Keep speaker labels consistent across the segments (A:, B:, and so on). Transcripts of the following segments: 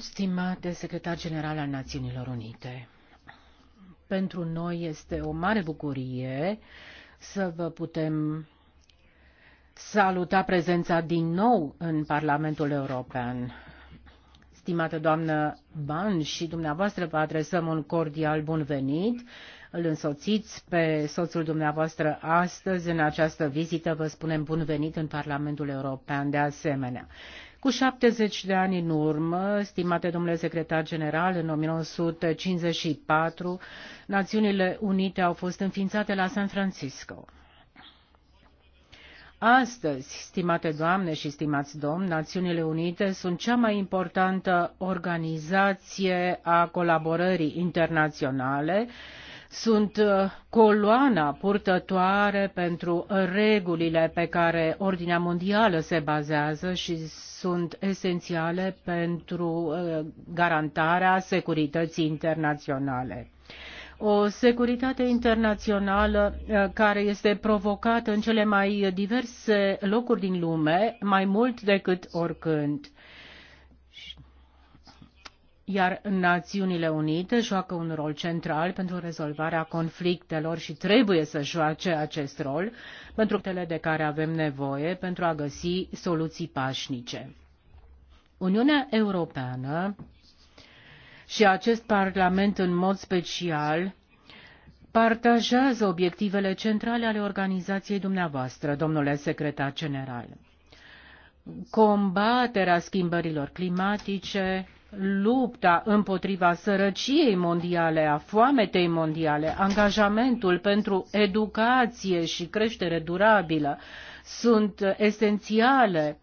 A: stimate secretar general al Națiunilor Unite, pentru noi este o mare bucurie să vă putem saluta prezența din nou în Parlamentul European. Stimată doamnă Ban și dumneavoastră vă adresăm un cordial bun venit îl însoțiți pe soțul dumneavoastră astăzi în această vizită. Vă spunem bun venit în Parlamentul European de asemenea. Cu 70 de ani în urmă, stimate domnule secretar general, în 1954, Națiunile Unite au fost înființate la San Francisco. Astăzi, stimate doamne și stimați domni, Națiunile Unite sunt cea mai importantă organizație a colaborării internaționale sunt uh, coloana purtătoare pentru regulile pe care ordinea mondială se bazează și sunt esențiale pentru uh, garantarea securității internaționale o securitate internațională uh, care este provocată în cele mai diverse locuri din lume, mai mult decât oricând iar Națiunile Unite joacă un rol central pentru rezolvarea conflictelor și trebuie să joace acest rol pentru cele de care avem nevoie pentru a găsi soluții pașnice. Uniunea Europeană și acest Parlament în mod special partajează obiectivele centrale ale organizației dumneavoastră, domnule secretar general. Combaterea schimbărilor climatice, lupta împotriva sărăciei mondiale, a foametei mondiale, angajamentul pentru educație și creștere durabilă sunt esențiale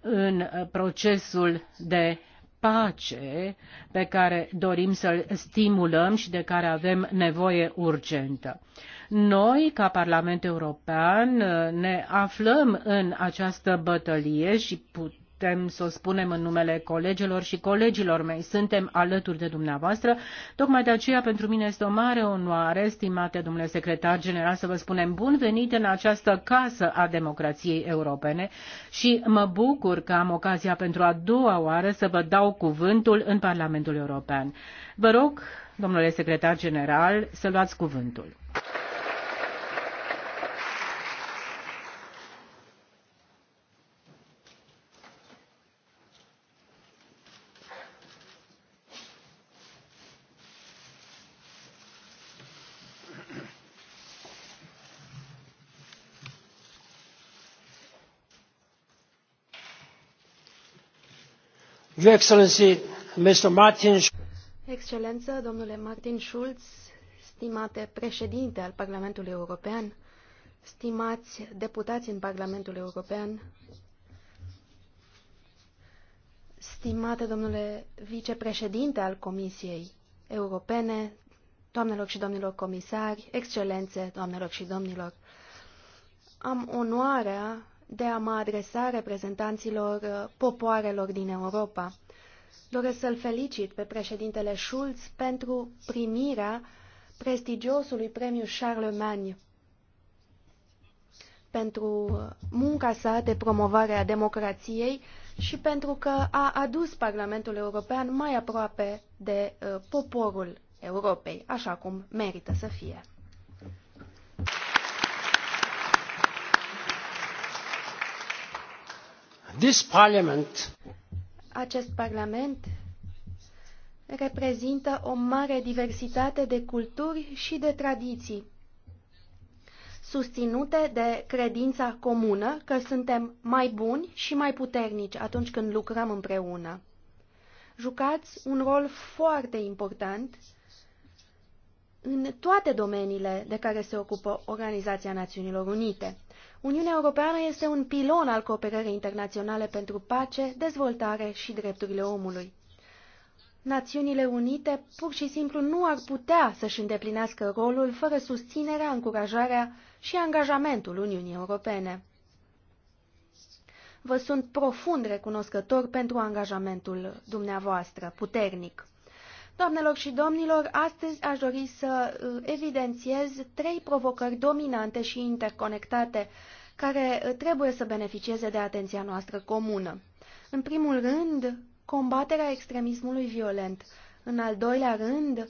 A: în procesul de pace pe care dorim să-l stimulăm și de care avem nevoie urgentă. Noi, ca Parlament European, ne aflăm în această bătălie și putem putem să o spunem în numele colegilor și colegilor mei. Suntem alături de dumneavoastră. Tocmai de aceea, pentru mine este o mare onoare, stimate domnule secretar general, să vă spunem bun venit în această casă a democrației europene și mă bucur că am ocazia pentru a doua oară să vă dau cuvântul în Parlamentul European. Vă rog, domnule secretar general, să luați cuvântul.
B: Excelență, domnule Martin Schulz, stimate președinte al Parlamentului European, stimați deputați în Parlamentul European, stimate domnule vicepreședinte al Comisiei Europene, doamnelor și domnilor comisari, excelențe, doamnelor și domnilor, am onoarea de a mă adresa reprezentanților uh, popoarelor din Europa. Doresc să-l felicit pe președintele Schulz pentru primirea prestigiosului premiu Charlemagne pentru uh, munca sa de promovare a democrației și pentru că a adus Parlamentul European mai aproape de uh, poporul Europei, așa cum merită să fie.
A: This parliament...
B: Acest parlament reprezintă o mare diversitate de culturi și de tradiții, susținute de credința comună că suntem mai buni și mai puternici atunci când lucrăm împreună. Jucați un rol foarte important în toate domeniile de care se ocupă Organizația Națiunilor Unite. Uniunea Europeană este un pilon al cooperării internaționale pentru pace, dezvoltare și drepturile omului. Națiunile Unite pur și simplu nu ar putea să-și îndeplinească rolul fără susținerea, încurajarea și angajamentul Uniunii Europene. Vă sunt profund recunoscător pentru angajamentul dumneavoastră puternic. Doamnelor și domnilor, astăzi aș dori să uh, evidențiez trei provocări dominante și interconectate care uh, trebuie să beneficieze de atenția noastră comună. În primul rând, combaterea extremismului violent. În al doilea rând,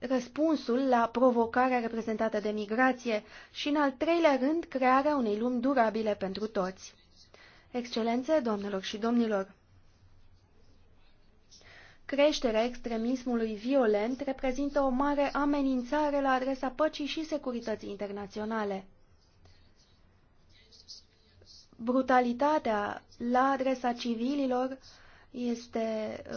B: răspunsul la provocarea reprezentată de migrație și, în al treilea rând, crearea unei lumi durabile pentru toți. Excelențe, doamnelor și domnilor, Creșterea extremismului violent reprezintă o mare amenințare la adresa păcii și securității internaționale. Brutalitatea la adresa civililor este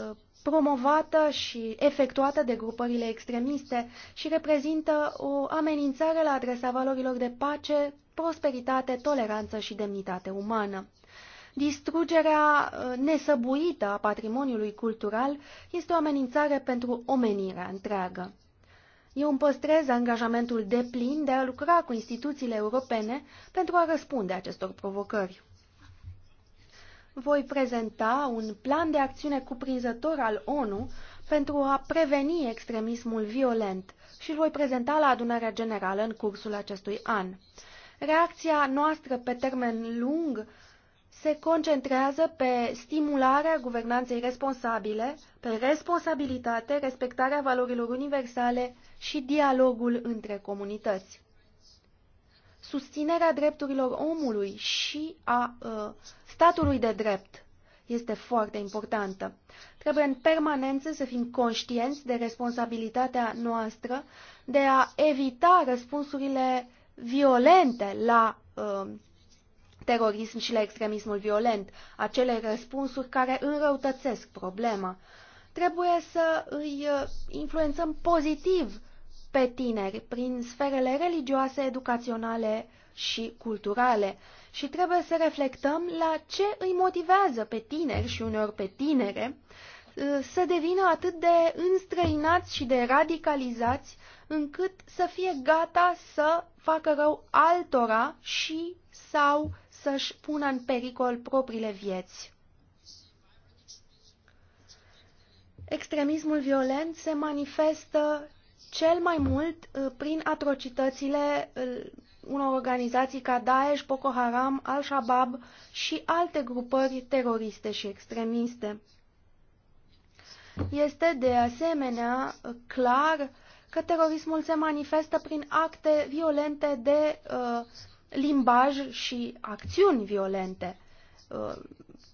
B: uh, promovată și efectuată de grupările extremiste și reprezintă o amenințare la adresa valorilor de pace, prosperitate, toleranță și demnitate umană. Distrugerea uh, nesăbuită a patrimoniului cultural este o amenințare pentru omenirea întreagă. Eu îmi păstrez angajamentul deplin de a lucra cu instituțiile europene pentru a răspunde acestor provocări. Voi prezenta un plan de acțiune cuprinzător al ONU pentru a preveni extremismul violent și îl voi prezenta la adunarea generală în cursul acestui an. Reacția noastră pe termen lung se concentrează pe stimularea guvernanței responsabile, pe responsabilitate, respectarea valorilor universale și dialogul între comunități. Susținerea drepturilor omului și a uh, statului de drept este foarte importantă. Trebuie în permanență să fim conștienți de responsabilitatea noastră de a evita răspunsurile violente la uh, terorism și la extremismul violent, acele răspunsuri care înrăutățesc problema. Trebuie să îi uh, influențăm pozitiv pe tineri prin sferele religioase, educaționale și culturale și trebuie să reflectăm la ce îi motivează pe tineri și uneori pe tinere uh, să devină atât de înstrăinați și de radicalizați încât să fie gata să facă rău altora și sau să-și pună în pericol propriile vieți. Extremismul violent se manifestă cel mai mult uh, prin atrocitățile uh, unor organizații ca Daesh, Boko Haram, Al-Shabaab și alte grupări teroriste și extremiste. Este de asemenea clar că terorismul se manifestă prin acte violente de uh, limbaj și acțiuni violente uh,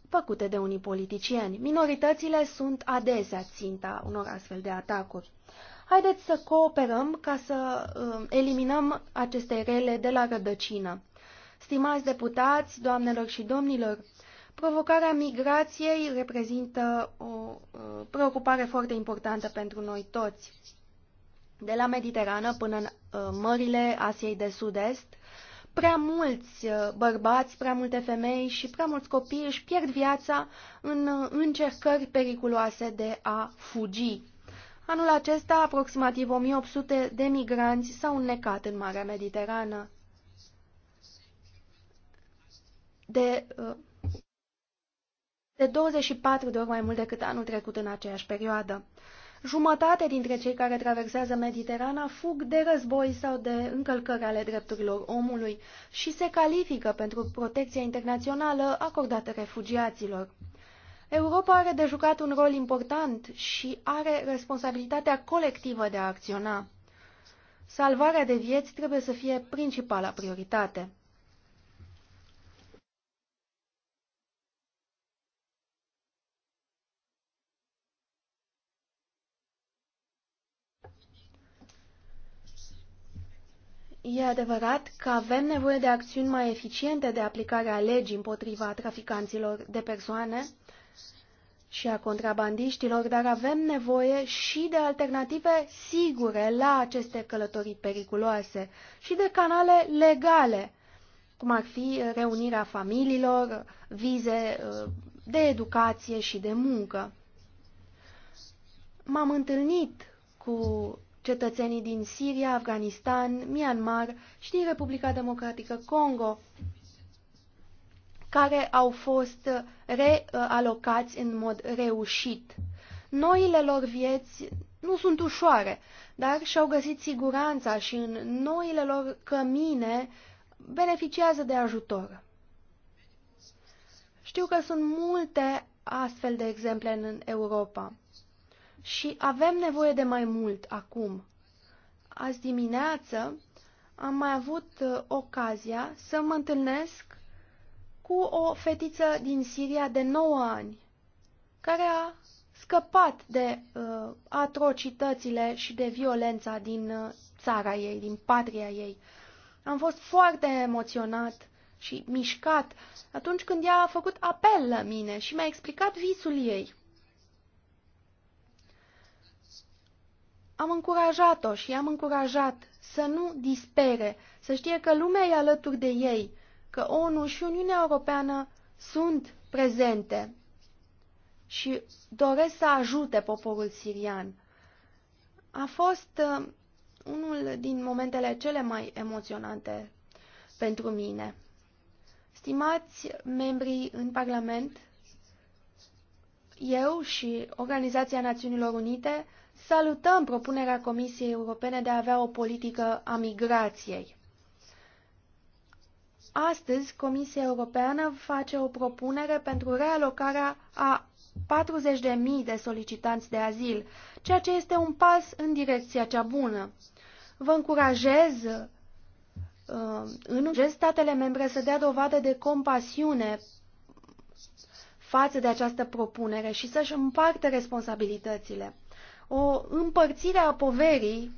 B: făcute de unii politicieni. Minoritățile sunt adesea ținta unor astfel de atacuri. Haideți să cooperăm ca să uh, eliminăm aceste rele de la rădăcină. Stimați deputați, doamnelor și domnilor, provocarea migrației reprezintă o uh, preocupare foarte importantă pentru noi toți. De la Mediterană până în mările Asiei de Sud-Est, prea mulți uh, bărbați, prea multe femei și prea mulți copii își pierd viața în uh, încercări periculoase de a fugi. Anul acesta, aproximativ 1800 de migranți s-au înnecat în Marea Mediterană. De, uh, de 24 de ori mai mult decât anul trecut în aceeași perioadă. Jumătate dintre cei care traversează Mediterana fug de război sau de încălcări ale drepturilor omului și se califică pentru protecția internațională acordată refugiaților. Europa are de jucat un rol important și are responsabilitatea colectivă de a acționa. Salvarea de vieți trebuie să fie principala prioritate. E adevărat că avem nevoie de acțiuni mai eficiente de aplicare a legii împotriva traficanților de persoane și a contrabandiștilor, dar avem nevoie și de alternative sigure la aceste călătorii periculoase și de canale legale, cum ar fi reunirea familiilor, vize uh, de educație și de muncă. M-am întâlnit cu cetățenii din Siria, Afganistan, Myanmar și din Republica Democratică Congo, care au fost realocați în mod reușit. Noile lor vieți nu sunt ușoare, dar și-au găsit siguranța și în noile lor cămine beneficiază de ajutor. Știu că sunt multe astfel de exemple în Europa și avem nevoie de mai mult acum. Azi dimineață am mai avut uh, ocazia să mă întâlnesc cu o fetiță din Siria de 9 ani, care a scăpat de uh, atrocitățile și de violența din uh, țara ei, din patria ei. Am fost foarte emoționat și mișcat atunci când ea a făcut apel la mine și mi-a explicat visul ei. am încurajat-o și am încurajat să nu dispere, să știe că lumea e alături de ei, că ONU și Uniunea Europeană sunt prezente și doresc să ajute poporul sirian. A fost uh, unul din momentele cele mai emoționante pentru mine. Stimați membrii în Parlament, eu și Organizația Națiunilor Unite Salutăm propunerea Comisiei Europene de a avea o politică a migrației. Astăzi, Comisia Europeană face o propunere pentru realocarea a 40.000 de solicitanți de azil, ceea ce este un pas în direcția cea bună. Vă încurajez uh, în urgez statele membre să dea dovadă de compasiune față de această propunere și să-și împartă responsabilitățile o împărțire a poverii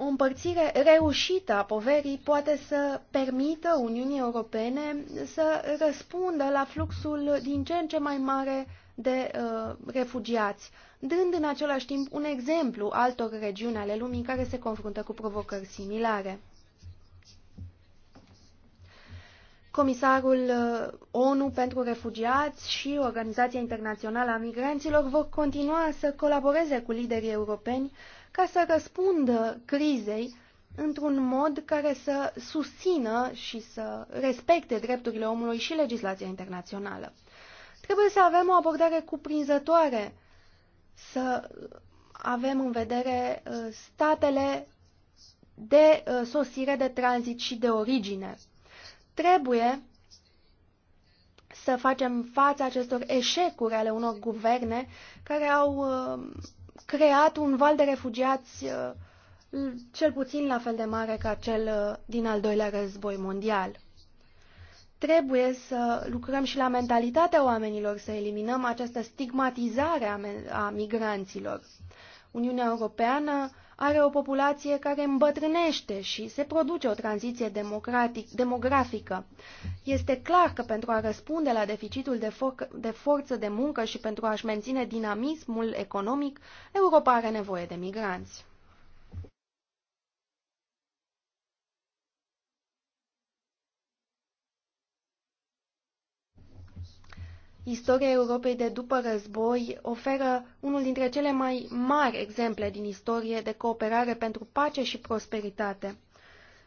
B: O împărțire reușită a poverii poate să permită Uniunii Europene să răspundă la fluxul din ce în ce mai mare de uh, refugiați, dând în același timp un exemplu altor regiuni ale lumii care se confruntă cu provocări similare. Comisarul uh, ONU pentru Refugiați și Organizația Internațională a Migranților vor continua să colaboreze cu liderii europeni ca să răspundă crizei într-un mod care să susțină și să respecte drepturile omului și legislația internațională. Trebuie să avem o abordare cuprinzătoare, să avem în vedere uh, statele de uh, sosire, de tranzit și de origine. Trebuie să facem față acestor eșecuri ale unor guverne care au uh, creat un val de refugiați uh, cel puțin la fel de mare ca cel uh, din al doilea război mondial. Trebuie să lucrăm și la mentalitatea oamenilor, să eliminăm această stigmatizare a, a migranților. Uniunea Europeană are o populație care îmbătrânește și se produce o tranziție demografică. Este clar că pentru a răspunde la deficitul de, for- de forță de muncă și pentru a-și menține dinamismul economic, Europa are nevoie de migranți. Istoria Europei de după război oferă unul dintre cele mai mari exemple din istorie de cooperare pentru pace și prosperitate.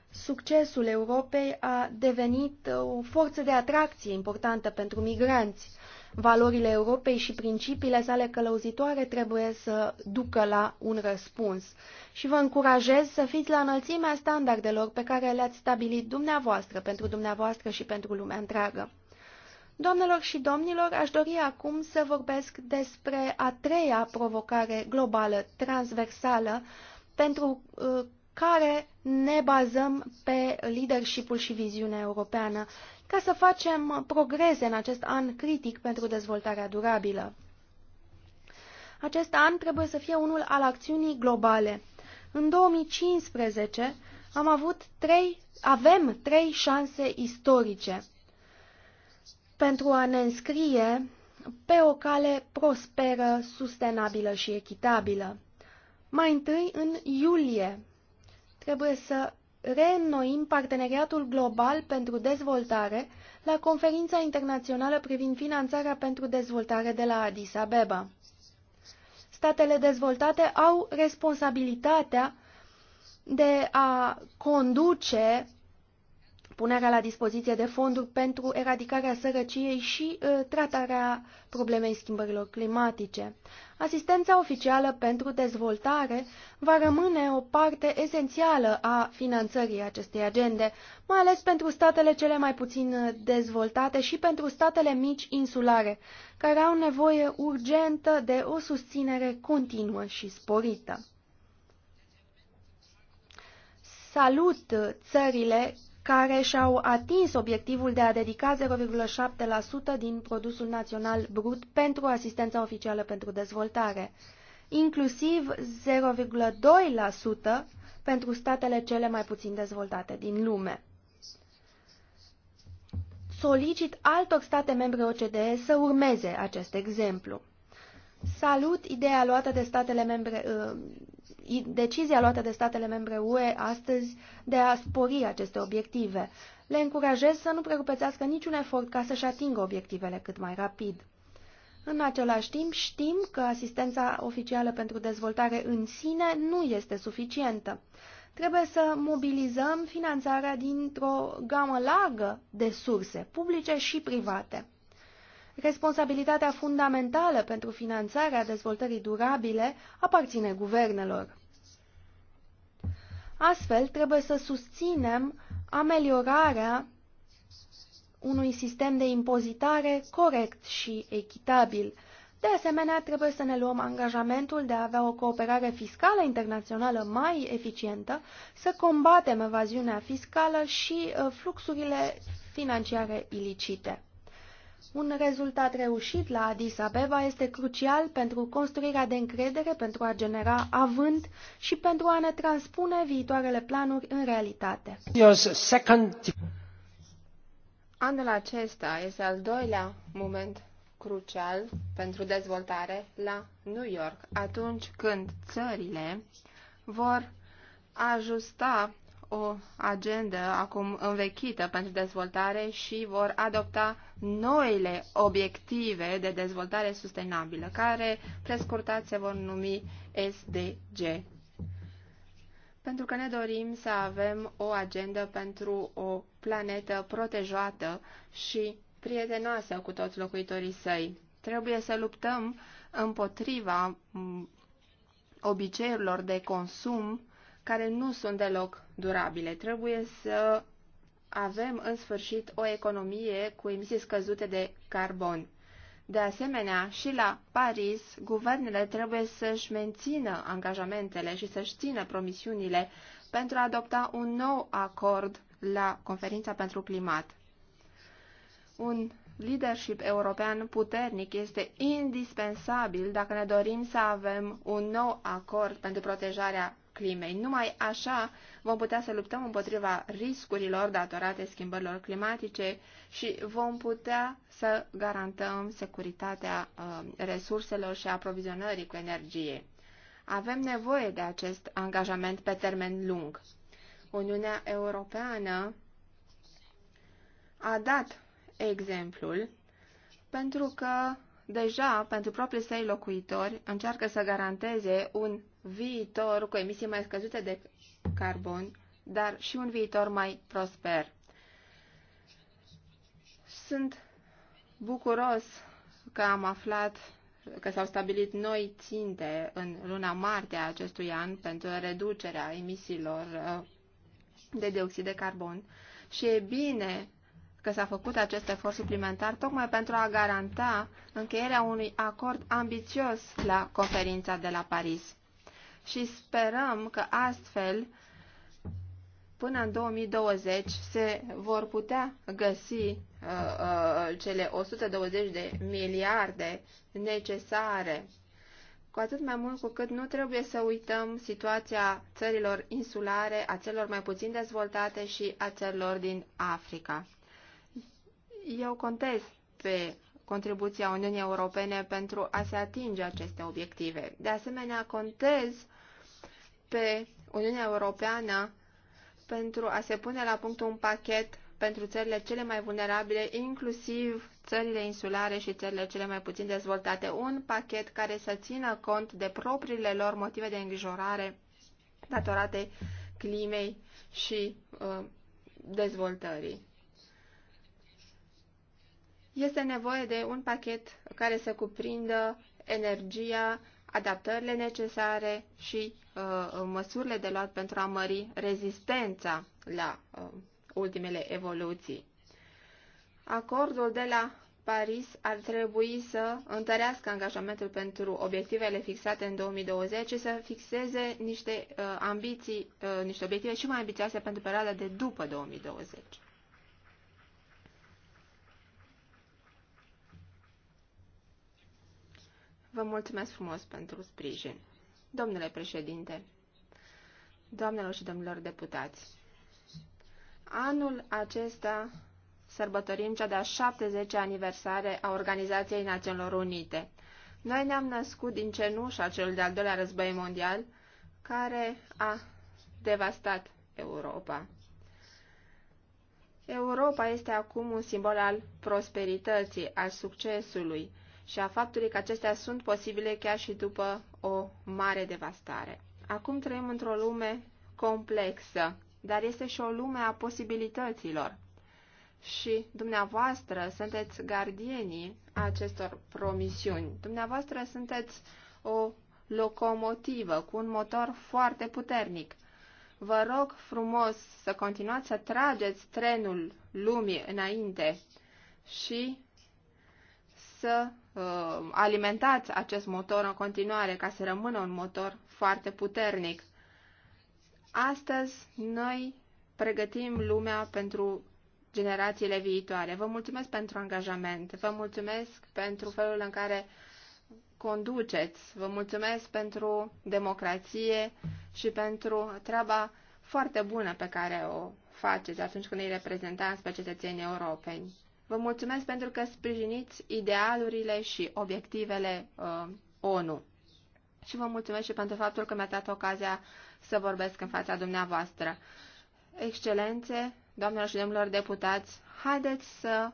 B: Succesul Europei a devenit o forță de atracție importantă pentru migranți. Valorile Europei și principiile sale călăuzitoare trebuie să ducă la un răspuns. Și vă încurajez să fiți la înălțimea standardelor pe care le-ați stabilit dumneavoastră, pentru dumneavoastră și pentru lumea întreagă. Doamnelor și domnilor, aș dori acum să vorbesc despre a treia provocare globală, transversală, pentru uh, care ne bazăm pe leadership și viziunea europeană, ca să facem progrese în acest an critic pentru dezvoltarea durabilă. Acest an trebuie să fie unul al acțiunii globale. În 2015 am avut trei, avem trei șanse istorice pentru a ne înscrie pe o cale prosperă, sustenabilă și echitabilă. Mai întâi, în iulie, trebuie să reînnoim parteneriatul global pentru dezvoltare la conferința internațională privind finanțarea pentru dezvoltare de la Addis Abeba. Statele dezvoltate au responsabilitatea de a conduce punerea la dispoziție de fonduri pentru eradicarea sărăciei și uh, tratarea problemei schimbărilor climatice. Asistența oficială pentru dezvoltare va rămâne o parte esențială a finanțării acestei agende, mai ales pentru statele cele mai puțin uh, dezvoltate și pentru statele mici insulare, care au nevoie urgentă de o susținere continuă și sporită salut uh, țările care și-au atins obiectivul de a dedica 0,7% din produsul național brut pentru asistența oficială pentru dezvoltare, inclusiv 0,2% pentru statele cele mai puțin dezvoltate din lume. Solicit altor state membre OCDE să urmeze acest exemplu. Salut ideea luată de statele membre uh, decizia luată de statele membre UE astăzi de a spori aceste obiective. Le încurajez să nu precupețească niciun efort ca să-și atingă obiectivele cât mai rapid. În același timp, știm că asistența oficială pentru dezvoltare în sine nu este suficientă. Trebuie să mobilizăm finanțarea dintr-o gamă largă de surse, publice și private. Responsabilitatea fundamentală pentru finanțarea dezvoltării durabile aparține guvernelor. Astfel, trebuie să susținem ameliorarea unui sistem de impozitare corect și echitabil. De asemenea, trebuie să ne luăm angajamentul de a avea o cooperare fiscală internațională mai eficientă, să combatem evaziunea fiscală și uh, fluxurile financiare ilicite. Un rezultat reușit la Addis Abeba este crucial pentru construirea de încredere, pentru a genera avânt și pentru a ne transpune viitoarele planuri în realitate.
C: Anul acesta este al doilea moment crucial pentru dezvoltare la New York, atunci când țările vor ajusta o agendă acum învechită pentru dezvoltare și vor adopta noile obiective de dezvoltare sustenabilă, care prescurtat se vor numi SDG. Pentru că ne dorim să avem o agendă pentru o planetă protejată și prietenoasă cu toți locuitorii săi. Trebuie să luptăm împotriva obiceiurilor de consum care nu sunt deloc durabile. Trebuie să avem în sfârșit o economie cu emisii scăzute de carbon. De asemenea, și la Paris, guvernele trebuie să-și mențină angajamentele și să-și țină promisiunile pentru a adopta un nou acord la conferința pentru climat. Un leadership european puternic este indispensabil dacă ne dorim să avem un nou acord pentru protejarea climei. Numai așa vom putea să luptăm împotriva riscurilor datorate schimbărilor climatice și vom putea să garantăm securitatea uh, resurselor și aprovizionării cu energie. Avem nevoie de acest angajament pe termen lung. Uniunea Europeană a dat exemplul pentru că deja pentru proprii săi locuitori încearcă să garanteze un viitor cu emisii mai scăzute de carbon, dar și un viitor mai prosper. Sunt bucuros că am aflat că s-au stabilit noi ținte în luna martie a acestui an pentru reducerea emisiilor uh, de dioxid de carbon și e bine că s-a făcut acest efort suplimentar tocmai pentru a garanta încheierea unui acord ambițios la conferința de la Paris și sperăm că astfel, până în 2020, se vor putea găsi uh, uh, cele 120 de miliarde necesare. Cu atât mai mult cu cât nu trebuie să uităm situația țărilor insulare, a țărilor mai puțin dezvoltate și a țărilor din Africa. Eu contez pe contribuția Uniunii Europene pentru a se atinge aceste obiective. De asemenea, contez pe Uniunea Europeană pentru a se pune la punct un pachet pentru țările cele mai vulnerabile, inclusiv țările insulare și țările cele mai puțin dezvoltate, un pachet care să țină cont de propriile lor motive de îngrijorare datorate climei și uh, dezvoltării. Este nevoie de un pachet care să cuprindă energia, adaptările necesare și uh, măsurile de luat pentru a mări rezistența la uh, ultimele evoluții. Acordul de la Paris ar trebui să întărească angajamentul pentru obiectivele fixate în 2020 și să fixeze niște uh, ambiții, uh, niște obiective și mai ambițioase pentru perioada de după 2020. Vă mulțumesc frumos pentru sprijin. Domnule președinte, doamnelor și domnilor deputați, anul acesta sărbătorim cea de-a 70 -a aniversare a Organizației Națiunilor Unite. Noi ne-am născut din cenușa celui de-al doilea război mondial, care a devastat Europa. Europa este acum un simbol al prosperității, al succesului, și a faptului că acestea sunt posibile chiar și după o mare devastare. Acum trăim într-o lume complexă, dar este și o lume a posibilităților. Și dumneavoastră sunteți gardienii acestor promisiuni. Dumneavoastră sunteți o locomotivă cu un motor foarte puternic. Vă rog frumos să continuați să trageți trenul lumii înainte și să uh, alimentați acest motor în continuare ca să rămână un motor foarte puternic. Astăzi noi pregătim lumea pentru generațiile viitoare. Vă mulțumesc pentru angajament, vă mulțumesc pentru felul în care conduceți, vă mulțumesc pentru democrație și pentru treaba foarte bună pe care o faceți atunci când îi reprezentați pe cetățenii europeni. Vă mulțumesc pentru că sprijiniți idealurile și obiectivele uh, ONU. Și vă mulțumesc și pentru faptul că mi-a dat ocazia să vorbesc în fața dumneavoastră. Excelențe, doamnelor și domnilor deputați, haideți să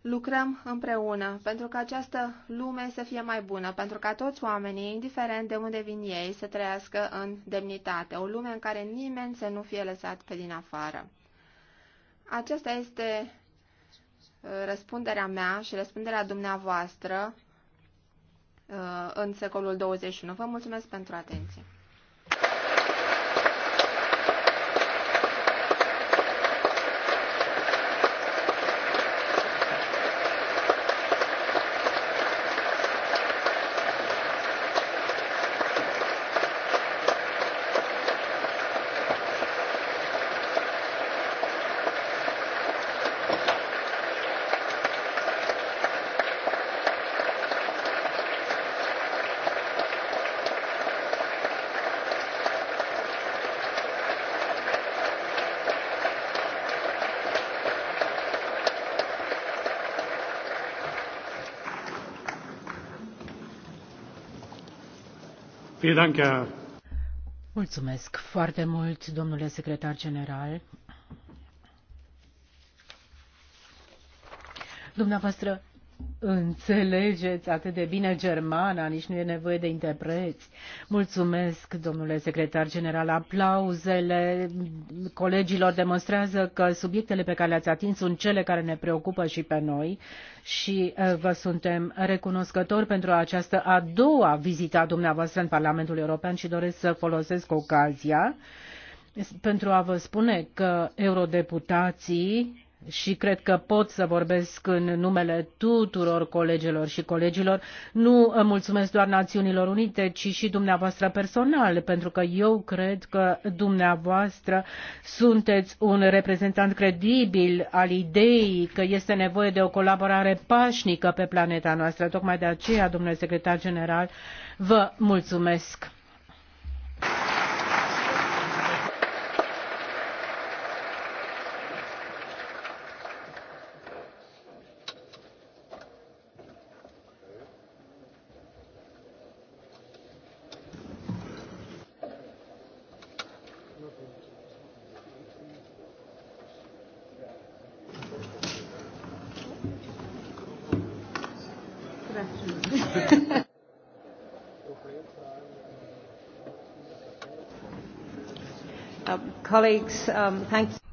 C: lucrăm împreună pentru ca această lume să fie mai bună, pentru ca toți oamenii, indiferent de unde vin ei, să trăiască în demnitate, o lume în care nimeni să nu fie lăsat pe din afară. Aceasta este răspunderea mea și răspunderea dumneavoastră uh, în secolul 21. Vă mulțumesc pentru atenție.
A: Mulțumesc foarte mult, domnule secretar general. Dumneavoastră înțelegeți atât de bine germana, nici nu e nevoie de interpreți. Mulțumesc, domnule secretar general. Aplauzele colegilor demonstrează că subiectele pe care le-ați atins sunt cele care ne preocupă și pe noi și uh, vă suntem recunoscători pentru această a doua vizită a dumneavoastră în Parlamentul European și doresc să folosesc ocazia pentru a vă spune că eurodeputații și cred că pot să vorbesc în numele tuturor colegilor și colegilor, nu mulțumesc doar Națiunilor Unite, ci și dumneavoastră personal, pentru că eu cred că dumneavoastră sunteți un reprezentant credibil al ideii că este nevoie de o colaborare pașnică pe planeta noastră. Tocmai de aceea, domnule secretar general, vă mulțumesc. colleagues, um, thank you.